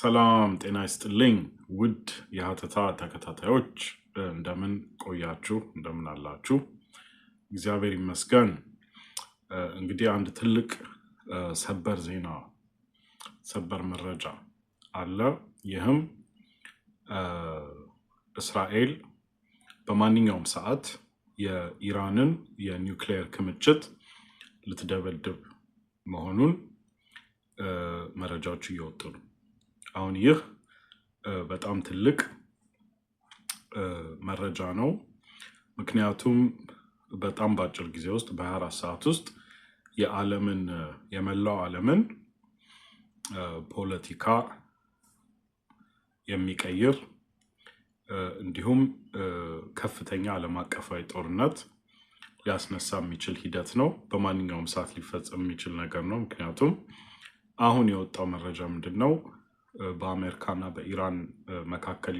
ሰላም ጤና ይስጥልኝ። ውድ የሀተታ ተከታታዮች እንደምን ቆያችሁ? እንደምን አላችሁ? እግዚአብሔር ይመስገን። እንግዲህ አንድ ትልቅ ሰበር ዜና፣ ሰበር መረጃ አለ። ይህም እስራኤል በማንኛውም ሰዓት የኢራንን የኒውክሌር ክምችት ልትደበድብ መሆኑን መረጃዎች እየወጡ ነው። አሁን ይህ በጣም ትልቅ መረጃ ነው። ምክንያቱም በጣም በአጭር ጊዜ ውስጥ በ24 ሰዓት ውስጥ የዓለምን የመላው ዓለምን ፖለቲካ የሚቀይር እንዲሁም ከፍተኛ ዓለም አቀፋዊ ጦርነት ሊያስነሳ የሚችል ሂደት ነው። በማንኛውም ሰዓት ሊፈጸም የሚችል ነገር ነው። ምክንያቱም አሁን የወጣው መረጃ ምንድን ነው? በአሜሪካና በኢራን መካከል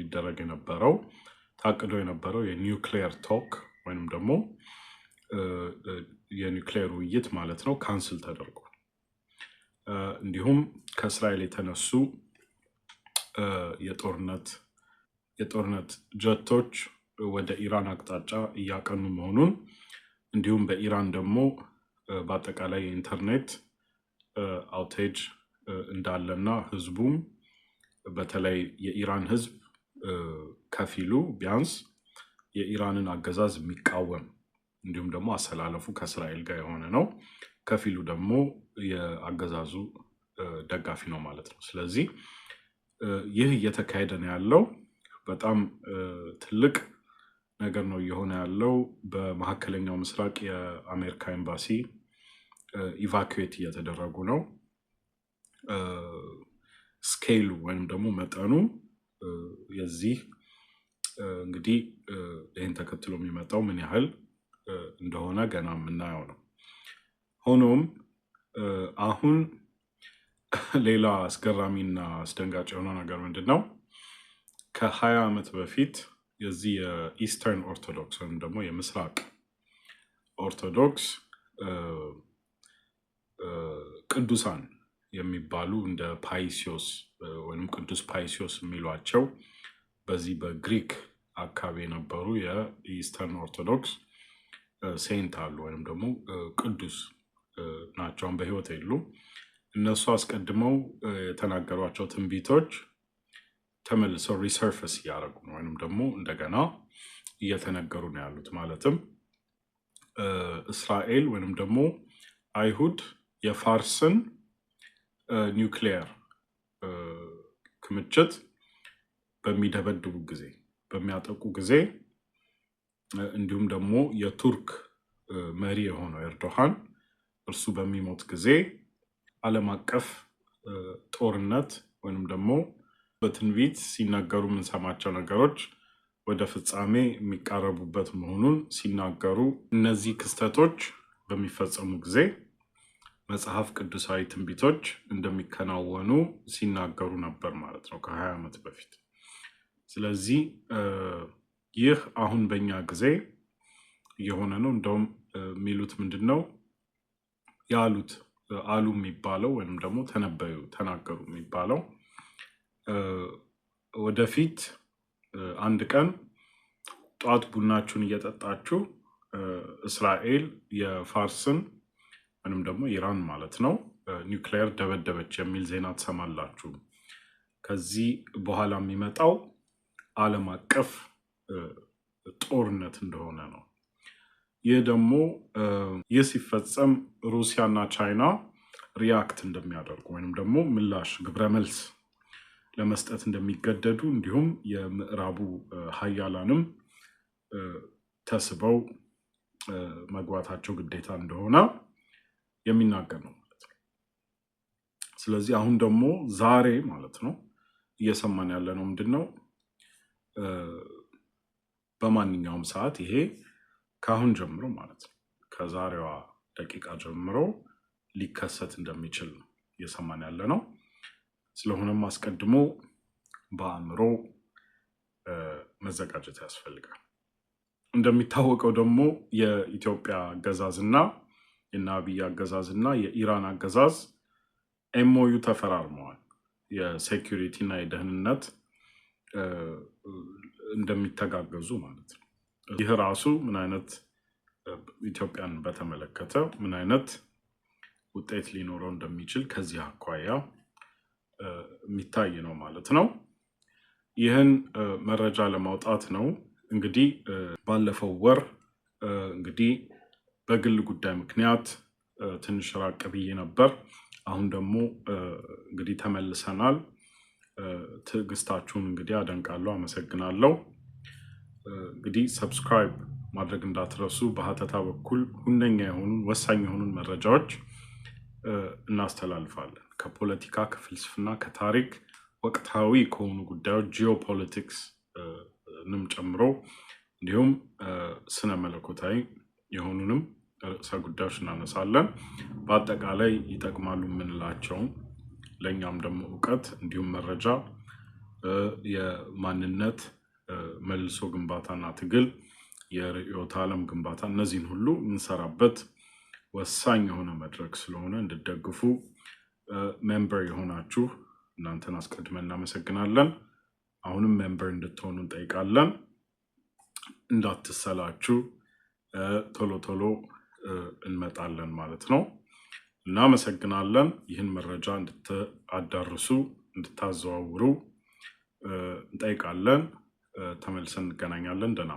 ሊደረግ የነበረው ታቅዶ የነበረው የኒውክሌር ቶክ ወይም ደግሞ የኒውክሌር ውይይት ማለት ነው ካንስል ተደርጎ እንዲሁም ከእስራኤል የተነሱ የጦርነት የጦርነት ጀቶች ወደ ኢራን አቅጣጫ እያቀኑ መሆኑን እንዲሁም በኢራን ደግሞ በአጠቃላይ የኢንተርኔት አውቴጅ እንዳለና ህዝቡም በተለይ የኢራን ህዝብ ከፊሉ ቢያንስ የኢራንን አገዛዝ የሚቃወም እንዲሁም ደግሞ አሰላለፉ ከእስራኤል ጋር የሆነ ነው። ከፊሉ ደግሞ የአገዛዙ ደጋፊ ነው ማለት ነው። ስለዚህ ይህ እየተካሄደ ነው ያለው በጣም ትልቅ ነገር ነው እየሆነ ያለው። በመካከለኛው ምስራቅ የአሜሪካ ኤምባሲ ኢቫኩዌት እየተደረጉ ነው። ስኬሉ ወይም ደግሞ መጠኑ የዚህ እንግዲህ ይህን ተከትሎ የሚመጣው ምን ያህል እንደሆነ ገና የምናየው ነው። ሆኖም አሁን ሌላ አስገራሚና አስደንጋጭ የሆነ ነገር ምንድን ነው? ከሀያ ዓመት በፊት የዚህ የኢስተርን ኦርቶዶክስ ወይም ደግሞ የምስራቅ ኦርቶዶክስ ቅዱሳን የሚባሉ እንደ ፓይሲዮስ ወይም ቅዱስ ፓይሲዮስ የሚሏቸው በዚህ በግሪክ አካባቢ የነበሩ የኢስተርን ኦርቶዶክስ ሴንት አሉ ወይም ደግሞ ቅዱስ ናቸውን በህይወት የሉ። እነሱ አስቀድመው የተናገሯቸው ትንቢቶች ተመልሰው ሪሰርፈስ እያደረጉ ነው ወይም ደግሞ እንደገና እየተነገሩ ነው ያሉት። ማለትም እስራኤል ወይም ደግሞ አይሁድ የፋርስን ኒውክሊየር ክምችት በሚደበድቡ ጊዜ በሚያጠቁ ጊዜ እንዲሁም ደግሞ የቱርክ መሪ የሆነው ኤርዶሃን እርሱ በሚሞት ጊዜ ዓለም አቀፍ ጦርነት ወይንም ደግሞ በትንቢት ሲናገሩ የምንሰማቸው ነገሮች ወደ ፍጻሜ የሚቃረቡበት መሆኑን ሲናገሩ እነዚህ ክስተቶች በሚፈጸሙ ጊዜ መጽሐፍ ቅዱሳዊ ትንቢቶች እንደሚከናወኑ ሲናገሩ ነበር ማለት ነው ከሀያ ዓመት በፊት። ስለዚህ ይህ አሁን በኛ ጊዜ እየሆነ ነው። እንደውም የሚሉት ምንድን ነው ያሉት አሉ የሚባለው ወይም ደግሞ ተነበዩ ተናገሩ የሚባለው ወደፊት አንድ ቀን ጧት ቡናችሁን እየጠጣችሁ እስራኤል የፋርስን ወይም ደግሞ ኢራን ማለት ነው ኒውክሊየር ደበደበች የሚል ዜና ትሰማላችሁ። ከዚህ በኋላ የሚመጣው ዓለም አቀፍ ጦርነት እንደሆነ ነው። ይህ ደግሞ ይህ ሲፈጸም ሩሲያና ቻይና ሪያክት እንደሚያደርጉ ወይም ደግሞ ምላሽ ግብረ መልስ ለመስጠት እንደሚገደዱ እንዲሁም የምዕራቡ ሀያላንም ተስበው መግባታቸው ግዴታ እንደሆነ የሚናገር ነው ማለት ነው። ስለዚህ አሁን ደግሞ ዛሬ ማለት ነው እየሰማን ያለ ነው ምንድን ነው በማንኛውም ሰዓት ይሄ ከአሁን ጀምሮ ማለት ነው ከዛሬዋ ደቂቃ ጀምሮ ሊከሰት እንደሚችል ነው እየሰማን ያለ ነው። ስለሆነም አስቀድሞ በአእምሮ መዘጋጀት ያስፈልጋል። እንደሚታወቀው ደግሞ የኢትዮጵያ አገዛዝና አብይ አገዛዝ እና የኢራን አገዛዝ ኤምኦዩ ተፈራርመዋል። የሴኪሪቲ እና የደህንነት እንደሚተጋገዙ ማለት ነው። ይህ ራሱ ምን አይነት ኢትዮጵያን በተመለከተ ምን አይነት ውጤት ሊኖረው እንደሚችል ከዚህ አኳያ የሚታይ ነው ማለት ነው። ይህን መረጃ ለማውጣት ነው እንግዲህ ባለፈው ወር እንግዲህ በግል ጉዳይ ምክንያት ትንሽ ራቅ ብዬ ነበር። አሁን ደግሞ እንግዲህ ተመልሰናል። ትዕግስታችሁን እንግዲህ አደንቃለሁ፣ አመሰግናለሁ። እንግዲህ ሰብስክራይብ ማድረግ እንዳትረሱ። በሀተታ በኩል ሁነኛ የሆኑን ወሳኝ የሆኑን መረጃዎች እናስተላልፋለን። ከፖለቲካ፣ ከፍልስፍና፣ ከታሪክ፣ ወቅታዊ ከሆኑ ጉዳዮች ጂኦፖለቲክስ ንም ጨምሮ እንዲሁም ስነ መለኮታዊ የሆኑንም ርዕሰ ጉዳዮች እናነሳለን። በአጠቃላይ ይጠቅማሉ የምንላቸው ለእኛም ደግሞ እውቀት እንዲሁም መረጃ የማንነት መልሶ ግንባታና ትግል የርዕዮተ ዓለም ግንባታ እነዚህን ሁሉ የምንሰራበት ወሳኝ የሆነ መድረክ ስለሆነ እንድደግፉ ሜምበር የሆናችሁ እናንተን አስቀድመን እናመሰግናለን። አሁንም ሜምበር እንድትሆኑ እንጠይቃለን። እንዳትሰላችሁ ቶሎ ቶሎ እንመጣለን ማለት ነው። እናመሰግናለን። ይህን መረጃ እንድታዳርሱ እንድታዘዋውሩ እንጠይቃለን። ተመልሰን እንገናኛለን። ደህና